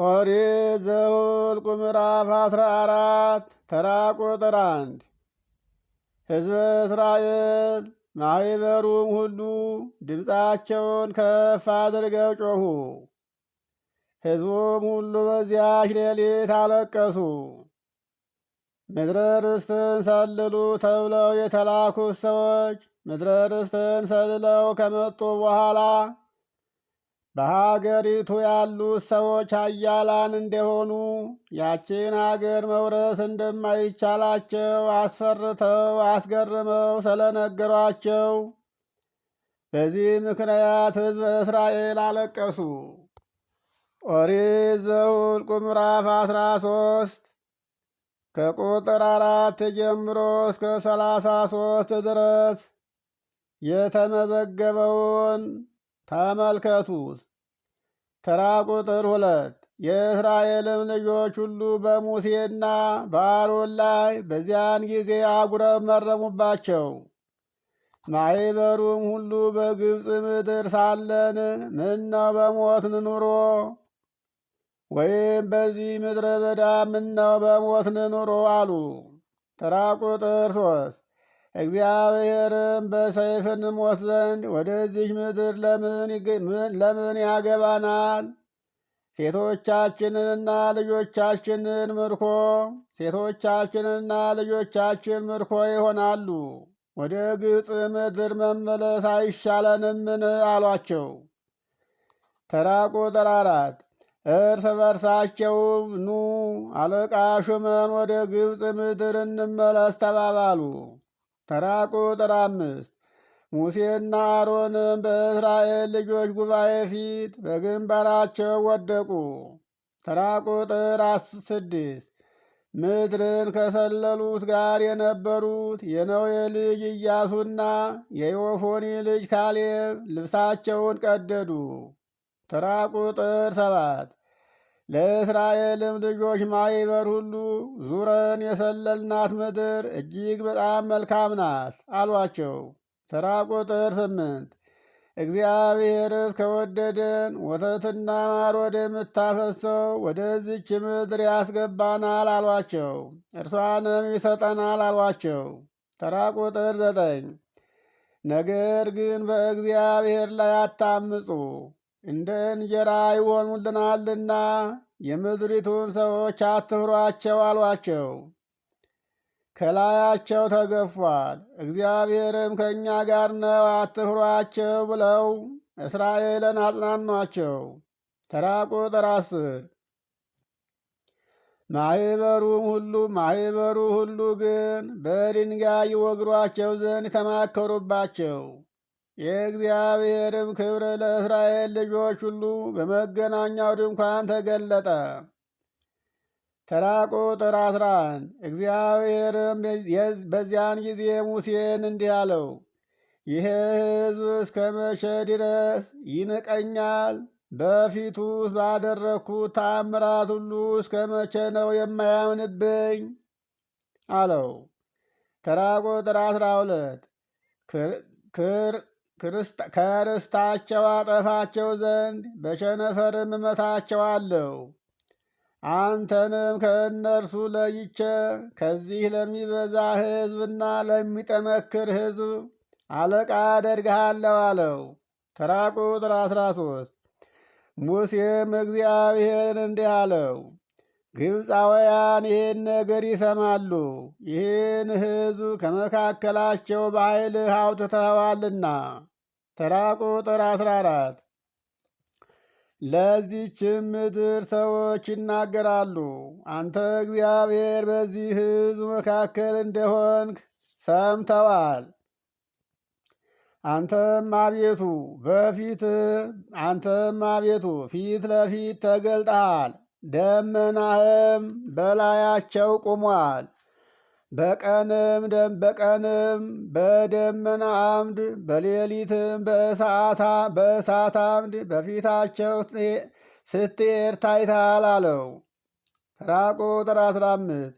ኦሪት ዘኍልቍ ምዕራፍ አስራ አራት ተራ ቁጥር አንድ ሕዝበ እስራኤል ማኅበሩም ሁሉ ድምፃቸውን ከፍ አድርገው ጮኹ። ሕዝቡም ሁሉ በዚያች ሌሊት አለቀሱ። ምድረ ርስትን ሰልሉ ተብለው የተላኩት ሰዎች ምድረ ርስትን ሰልለው ከመጡ በኋላ በሀገሪቱ ያሉት ሰዎች አያላን እንደሆኑ ያችን አገር መውረስ እንደማይቻላቸው አስፈርተው አስገርመው ስለነገሯቸው በዚህ ምክንያት ሕዝበ እስራኤል አለቀሱ። ኦሪት ዘኍልቍ ምዕራፍ አስራ ሶስት ከቁጥር አራት ጀምሮ እስከ ሰላሳ ሶስት ድረስ የተመዘገበውን ተመልከቱት። ተራ ቁጥር ሁለት የእስራኤልም ልጆች ሁሉ በሙሴና በአሮን ላይ በዚያን ጊዜ አጉረብ መረሙባቸው። ማይበሩም ሁሉ በግብፅ ምድር ሳለን ምነው በሞትን ኑሮ ወይም በዚህ ምድረ በዳ ምነው በሞትን ኑሮ አሉ። ተራ ቁጥር ሶስት እግዚአብሔርም በሰይፍ እንሞት ዘንድ ወደዚች ምድር ለምን ያገባናል? ሴቶቻችንንና ልጆቻችንን ምርኮ ሴቶቻችንና ልጆቻችን ምርኮ ይሆናሉ። ወደ ግብፅ ምድር መመለስ አይሻለንምን? አሏቸው። ተራ ቁጥር አራት እርስ በርሳቸውም ኑ አለቃ ሹመን ወደ ግብፅ ምድር እንመለስ ተባባሉ። ተራ ቁጥር አምስት ሙሴና አሮንም በእስራኤል ልጆች ጉባኤ ፊት በግንባራቸው ወደቁ። ተራ ቁጥር ስድስት ምድርን ከሰለሉት ጋር የነበሩት የነዌ ልጅ ኢያሱና የዮፎኒ ልጅ ካሌብ ልብሳቸውን ቀደዱ። ተራ ቁጥር ሰባት ለእስራኤልም ልጆች ማይበር ሁሉ ዙረን የሰለልናት ምድር እጅግ በጣም መልካም ናት አሏቸው። ተራ ቁጥር ስምንት እግዚአብሔርስ ከወደደን ወተትና ማር ወደምታፈሰው ወደዚች ምድር ያስገባናል አሏቸው። እርሷንም ይሰጠናል አሏቸው። ተራ ቁጥር ዘጠኝ ነገር ግን በእግዚአብሔር ላይ አታምፁ እንደ እንጀራ ይሆኑልናልና የምድሪቱን ሰዎች አትምሯቸው አሏቸው። ከላያቸው ተገፏል፣ እግዚአብሔርም ከእኛ ጋር ነው አትፍሯቸው ብለው እስራኤልን አጽናኗቸው። ተራ ቁጥር አስር ሁሉ ማህበሩ ሁሉ ግን በድንጋይ ይወግሯቸው ዘንድ ተማከሩባቸው። የእግዚአብሔርም ክብር ለእስራኤል ልጆች ሁሉ በመገናኛው ድንኳን ተገለጠ። ተራ ቁጥር አስራ እግዚአብሔርም በዚያን ጊዜ ሙሴን እንዲህ አለው፣ ይህ ሕዝብ እስከ መቼ ድረስ ይንቀኛል? በፊቱስ ባደረግኩት ታምራት ሁሉ እስከ መቼ ነው የማያምንብኝ? አለው። ተራ ቁጥር አስራ ሁለት ክር ከርስታቸው አጠፋቸው ዘንድ በሸነፈርም እመታቸዋለሁ። አንተንም ከእነርሱ ለይቼ ከዚህ ለሚበዛ ሕዝብና ለሚጠነክር ሕዝብ አለቃ አደርግሃለሁ አለው። ተራ ቁጥር አስራ ሙሴም እግዚአብሔርን እንዲህ አለው ግብፃውያን ይህን ነገር ይሰማሉ። ይህን ሕዝብ ከመካከላቸው በኃይልህ አውጥተዋልና ተራ ቁጥር አስራ ለዚችም ምድር ሰዎች ይናገራሉ፣ አንተ እግዚአብሔር በዚህ ሕዝብ መካከል እንደሆንክ ሰምተዋል። አንተም አቤቱ በፊት አንተም አቤቱ ፊት ለፊት ተገልጠሃል፣ ደመናህም በላያቸው ቁሟል። በቀንም በቀንም በደመና አምድ በሌሊትም በእሳት አምድ በፊታቸው ስትሄድ ታይታል አለው። ተራ ቁጥር አስራ አምስት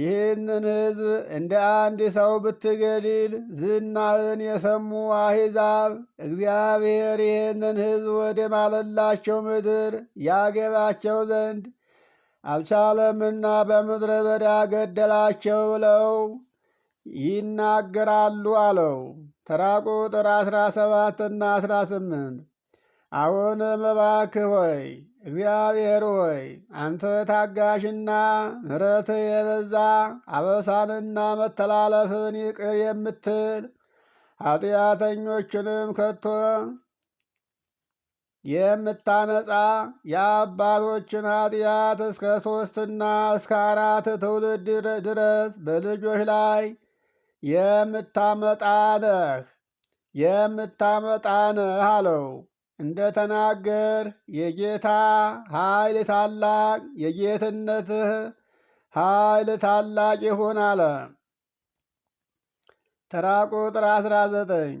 ይህንን ሕዝብ እንደ አንድ ሰው ብትገድል ዝናህን የሰሙ አሕዛብ እግዚአብሔር ይህንን ሕዝብ ወደ ማለላቸው ምድር ያገባቸው ዘንድ አልቻለምና በምድረ በዳ ገደላቸው ብለው ይናገራሉ አለው። ተራ ቁጥር አስራ ሰባትና አስራ ስምንት አሁንም እባክህ ሆይ እግዚአብሔር ሆይ አንተ ታጋሽና ምረት የበዛ አበሳንና መተላለፍን ይቅር የምትል ኃጢአተኞችንም ከቶ የምታነጻ የአባቶችን ኃጢአት እስከ ሦስትና እስከ አራት ትውልድ ድረስ በልጆች ላይ የምታመጣ ነህ የምታመጣ ነህ አለው። እንደ ተናገር የጌታ ኃይል ታላቅ የጌትነትህ ኃይል ታላቅ ይሁን አለ። ተራ ቁጥር አስራ ዘጠኝ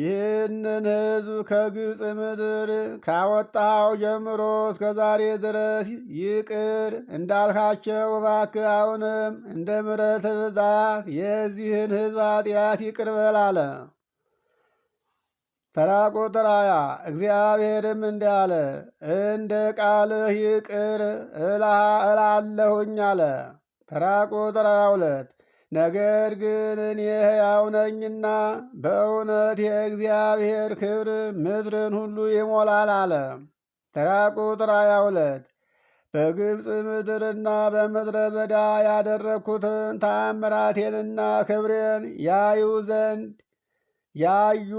ይህንን ሕዝብ ከግብፅ ምድር ካወጣው ጀምሮ እስከ ዛሬ ድረስ ይቅር እንዳልካቸው እባክህ አሁንም እንደ ምረት ብዛት የዚህን ሕዝብ ኃጢአት ይቅር በል አለ። ተራ ቁጥር ሃያ እግዚአብሔርም እንዲህ አለ፣ እንደ ቃልህ ይቅር እላለሁኝ አለ። ተራ ቁጥር ሃያ ሁለት ነገር ግን እኔ ሕያው ነኝና በእውነት የእግዚአብሔር ክብር ምድርን ሁሉ ይሞላል አለ። ተራ ቁጥር ሃያ ሁለት በግብፅ ምድርና በምድረ በዳ ያደረግኩትን ታምራቴንና ክብሬን ያዩ ዘንድ ያዩ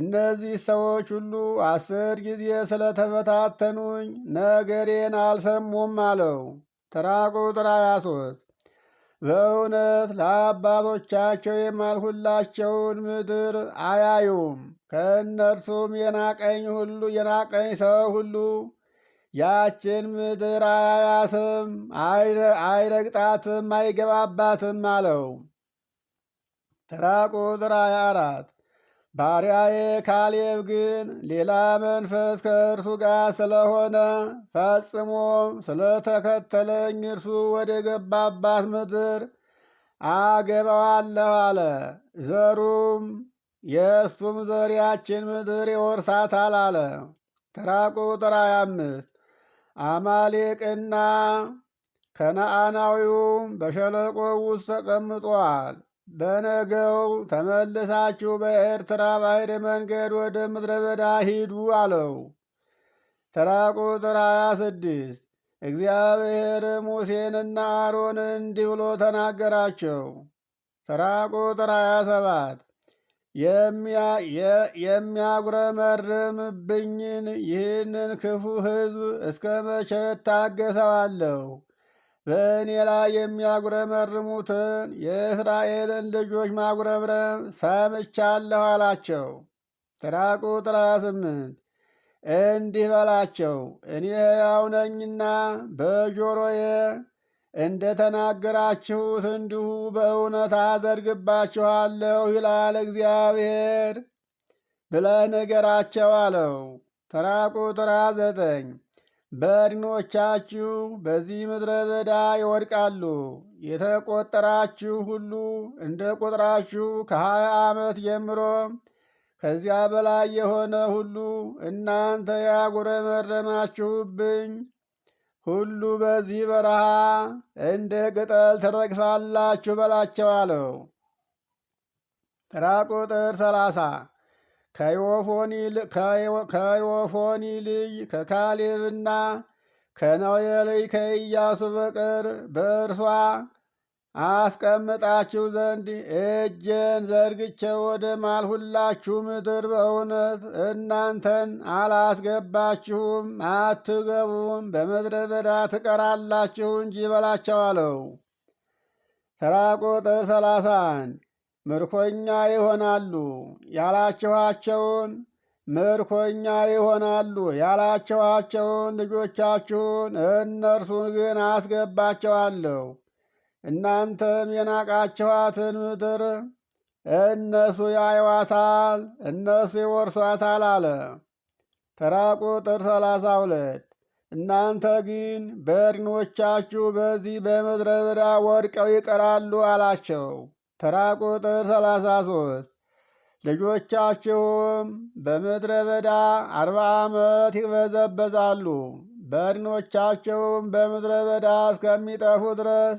እነዚህ ሰዎች ሁሉ አስር ጊዜ ስለተፈታተኑኝ ነገሬን አልሰሙም አለው። ተራ ቁጥር ሃያ ሶስት በእውነት ለአባቶቻቸው የማልሁላቸውን ምድር አያዩም። ከእነርሱም የናቀኝ ሁሉ የናቀኝ ሰው ሁሉ ያችን ምድር አያያትም፣ አይረግጣትም፣ አይገባባትም አለው። ተራ ቁጥር አራት ባሪያዬ ካሌብ ግን ሌላ መንፈስ ከእርሱ ጋር ስለሆነ ፈጽሞም ስለተከተለኝ እርሱ ወደ ገባባት ምድር አገባዋለሁ አለ። ዘሩም የእሱም ዘሪያችን ምድር ይወርሳታል አለ። ተራ ቁጥር ሃያ አምስት አማሌቅና ከነአናዊውም በሸለቆ ውስጥ ተቀምጧል። በነገው ተመልሳችሁ በኤርትራ ባህር መንገድ ወደ ምድረ በዳ ሂዱ አለው። ተራ ቁጥር 26 እግዚአብሔር ሙሴንና አሮን እንዲህ ብሎ ተናገራቸው። ተራ ቁጥር 27 የሚያጉረመርምብኝን ይህንን ክፉ ሕዝብ እስከ መቼ እታገሰዋለሁ? በእኔ ላይ የሚያጉረመርሙትን የእስራኤልን ልጆች ማጉረምረም ሰምቻለሁ አላቸው። ተራ ቁጥር ሃያ ስምንት እንዲህ በላቸው እኔ ሕያው ነኝና በጆሮዬ እንደ ተናገራችሁት እንዲሁ በእውነት አደርግባችኋለሁ ይላል እግዚአብሔር ብለህ ንገራቸው አለው። ተራ ቁጥር ሃያ ዘጠኝ በድኖቻችሁ በዚህ ምድረ በዳ ይወድቃሉ። የተቆጠራችሁ ሁሉ እንደ ቁጥራችሁ ከሀያ ዓመት ጀምሮ ከዚያ በላይ የሆነ ሁሉ እናንተ ያጉረመረማችሁብኝ ሁሉ በዚህ በረሃ እንደ ቅጠል ተረግፋላችሁ አለው። ተራ ቁጥር ሰላሳ ከዮፎኒ ልጅ ከካሌብና ከነዌ ልጅ ከኢያሱ በቀር በእርሷ አስቀምጣችሁ ዘንድ እጄን ዘርግቼ ወደ ማልሁላችሁ ምድር በእውነት እናንተን አላስገባችሁም፣ አትገቡም፣ በምድረ በዳ ትቀራላችሁ እንጂ ይበላቸዋለው። ተራ ቁጥር ሰላሳ አንድ ምርኮኛ ይሆናሉ ያላችኋቸውን ምርኮኛ ይሆናሉ ያላችኋቸውን ልጆቻችሁን እነርሱን ግን አስገባቸዋለሁ። እናንተም የናቃችኋትን ምድር እነሱ ያይዋታል፣ እነሱ ይወርሷታል አለ። ተራ ቁጥር ሰላሳ ሁለት እናንተ ግን በድኖቻችሁ በዚህ በምድረ በዳ ወድቀው ይቀራሉ አላቸው። ተራ ቁጥር 33 ልጆቻችሁም በምድረ በዳ አርባ ዓመት ይበዘበዛሉ። በድኖቻችሁም በምድረ በዳ እስከሚጠፉ ድረስ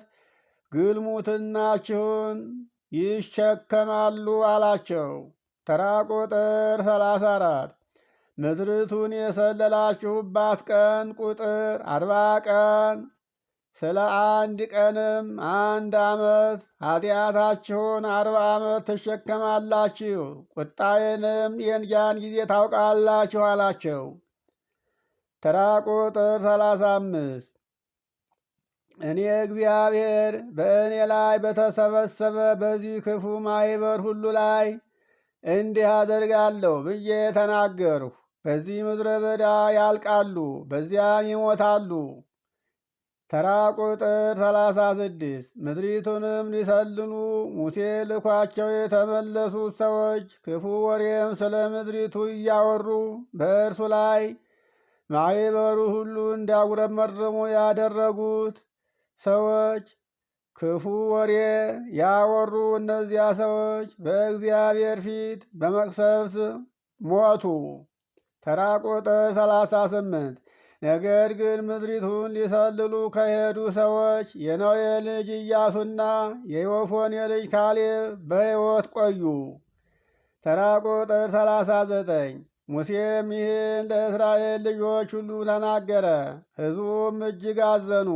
ግልሙትናችሁን ይሸከማሉ አላቸው። ተራ ቁጥር 34 ምድርቱን የሰለላችሁባት ቀን ቁጥር አርባ ቀን ስለ አንድ ቀንም አንድ ዓመት ኃጢአታችሁን አርባ ዓመት ትሸከማላችሁ፣ ቁጣዬንም የንጃን ጊዜ ታውቃላችሁ አላቸው። ተራ ቁጥር ሰላሳ አምስት እኔ እግዚአብሔር በእኔ ላይ በተሰበሰበ በዚህ ክፉ ማኅበር ሁሉ ላይ እንዲህ አደርጋለሁ ብዬ ተናገርሁ። በዚህ ምድረ በዳ ያልቃሉ፣ በዚያም ይሞታሉ። ተራ ቁጥር ሰላሳ ስድስት ምድሪቱንም ሊሰልኑ ሙሴ ልኳቸው የተመለሱት ሰዎች ክፉ ወሬም ስለ ምድሪቱ እያወሩ በእርሱ ላይ ማይበሩ ሁሉ እንዳጉረመረሙ ያደረጉት ሰዎች ክፉ ወሬ ያወሩ እነዚያ ሰዎች በእግዚአብሔር ፊት በመቅሰፍት ሞቱ። ተራ ቁጥር ሰላሳ ስምንት ነገር ግን ምድሪቱን ሊሰልሉ ከሄዱ ሰዎች የነዌ ልጅ ኢያሱና የወፎን የልጅ ካሌብ በሕይወት ቆዩ። ተራ ቁጥር 39 ሙሴም ይህን ለእስራኤል ልጆች ሁሉ ተናገረ። ሕዝቡም እጅግ አዘኑ።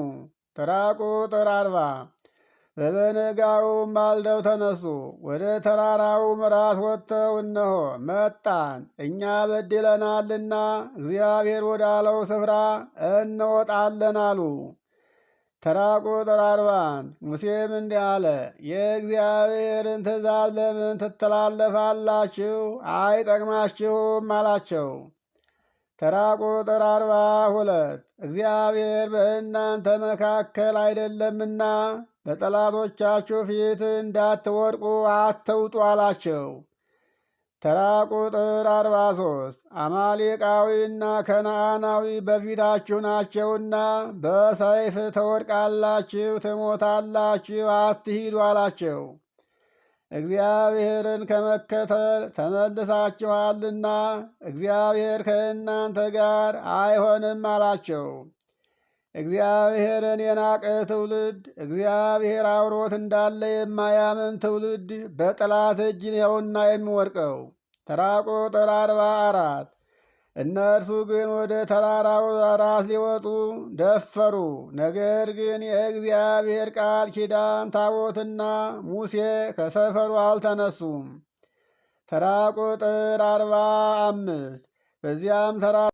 ተራ ቁጥር 40 በበነጋው ማልደው ተነሱ። ወደ ተራራው ምራት ወጥተው እነሆ መጣን፣ እኛ በድለናልና እግዚአብሔር ወዳለው ስፍራ እንወጣለን አሉ። ተራ ቁጥር አርባን ሙሴም እንዲህ አለ፣ የእግዚአብሔርን ትእዛዝ ለምን ትተላለፋላችሁ? አይጠቅማችሁም አላቸው። ተራ ቁጥር አርባ ሁለት እግዚአብሔር በእናንተ መካከል አይደለምና በጠላቶቻችሁ ፊት እንዳትወድቁ አትውጡ አላቸው። ተራ ቁጥር አርባ ሶስት አማሌቃዊና ከነአናዊ በፊታችሁ ናቸውና በሰይፍ ተወድቃላችሁ፣ ትሞታላችሁ፣ አትሂዱ አላቸው። እግዚአብሔርን ከመከተል ተመልሳችኋልና እግዚአብሔር ከእናንተ ጋር አይሆንም አላቸው። እግዚአብሔርን የናቀ ትውልድ፣ እግዚአብሔር አብሮት እንዳለ የማያምን ትውልድ በጠላት እጅ ነውና የሚወድቀው። ተራ ቁጥር አርባ አራት እነርሱ ግን ወደ ተራራው ራስ ሊወጡ ደፈሩ። ነገር ግን የእግዚአብሔር ቃል ኪዳን ታቦትና ሙሴ ከሰፈሩ አልተነሱም። ተራ ቁጥር አርባ አምስት በዚያም ተራ